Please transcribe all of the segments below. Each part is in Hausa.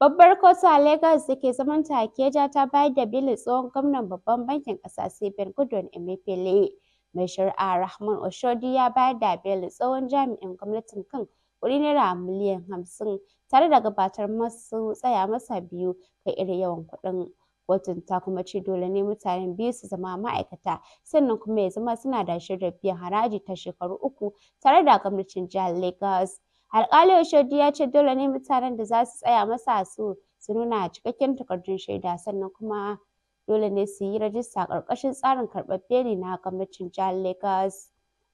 Babbar kotu a Legas da ke zaman ta a ta bayar da belin tsohon gwamnan babban bankin ƙasa Stephen Godwin Emefiele. Mai shari'a Rahman Oshodi ya bayar da belin tsohon jami'in gwamnatin kan kuɗi naira miliyan hamsin tare da gabatar masu tsaya masa biyu kai iri yawan kuɗin. Kotun ta kuma ce dole ne mutanen biyu su zama ma'aikata sannan kuma ya zama suna da shirin biyan haraji ta shekaru uku tare da gwamnatin jihar Legas. Alƙali Oshodi ya ce dole ne mutanen da za su tsaya masa su su nuna cikakken takardun shaida sannan kuma dole ne su yi rajista ƙarƙashin tsarin karɓar beli na gwamnatin jihar Lagos.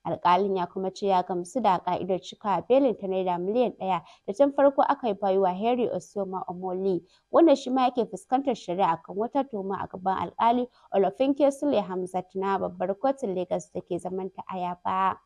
Alƙalin ya kuma ce ya gamsu da ƙa'idar cika belin ta naira miliyan ɗaya da tun farko aka yi bayuwa Henry Osioma Omoli wanda shi ma yake fuskantar shari'a kan wata tuhuma a gaban alƙali olofinke Sule Hamzat na babbar kotun Lagos da ke zamanta Ayaba.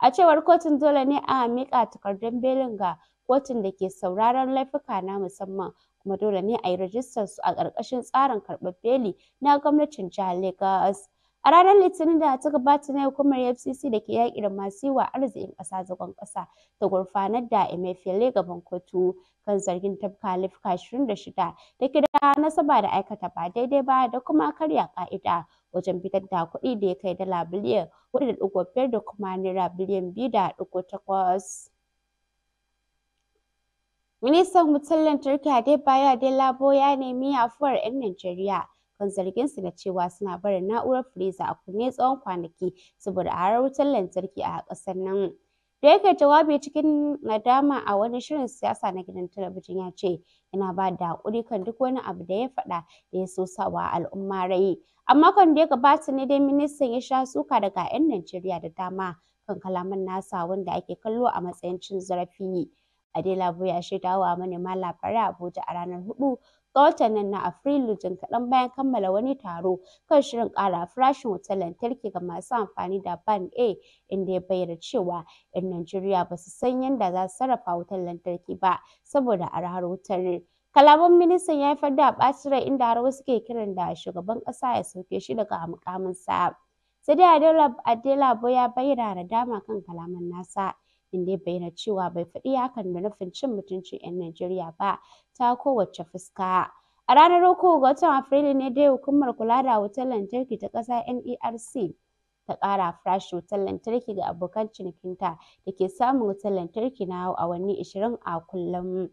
A cewar kotun dole ne a mika takardun belin ga kotun da ke sauraron laifuka na musamman kuma dole ne a yi rajistar su a ƙarƙashin tsarin karɓar beli na gwamnatin jihar Lagos. A ranar Litinin da ta gabata na hukumar fcc da ke yaƙi da masu yi wa arzikin ƙasa zagon ƙasa ta gurfanar da Emefiele gaban kotu kan zargin tafka laifuka 26 da ke da nasaba da aikata ba daidai ba da kuma karya ƙa'ida. wajen fitar da kuɗi da ya kai dala biliyan hudu da kuma naira biliyan biyu da takwas. Ministan wutar lantarki Adebayo Adelabo ya nemi afuwar 'yan Najeriya kan zarginsu da cewa suna barin na'urar firiza a kunne tsawon kwanaki saboda a wutar lantarki a ƙasar nan. Da yake jawabi cikin nadama a wani shirin siyasa na gidan talabijin ya ce, yana ba da haƙuri kan duk wani abu da ya faɗa da ya so sawa al'umma rai." amma kan da ya gabata ne dai ministan ya sha suka daga 'yan Najeriya da dama kan kalaman nasa wanda ake kallo a matsayin cin zarafi. Adelabu ya shaida wa manema labarai a Abuja a ranar 4 ga watan nan na Afrilu jin kaɗan bayan kammala wani taro kan shirin ƙara farashin wutar lantarki ga masu amfani da Band A, inda ya bayyana cewa ‘yan Najeriya ba su san yadda za su sarrafa wutar lantarki ba saboda arhar wutar. Kalaman ministan ya fadda a ɓacin rai inda har wasu ke kiran da shugaban ƙasa ya sauke shi daga muƙaminsa. Sai dai Adelabu ya bayyana nadama kan kalaman nasa. inda ya bayyana cewa bai faɗi hakan da nufin cin mutuncin 'yan Najeriya ba ta kowace fuska. A ranar uku ga watan Afrilu ne dai hukumar kula da wutar lantarki ta ƙasa NERC ta ƙara farashin wutar lantarki ga abokan cinikinta da ke samun wutar lantarki na awanni 20 a kullum.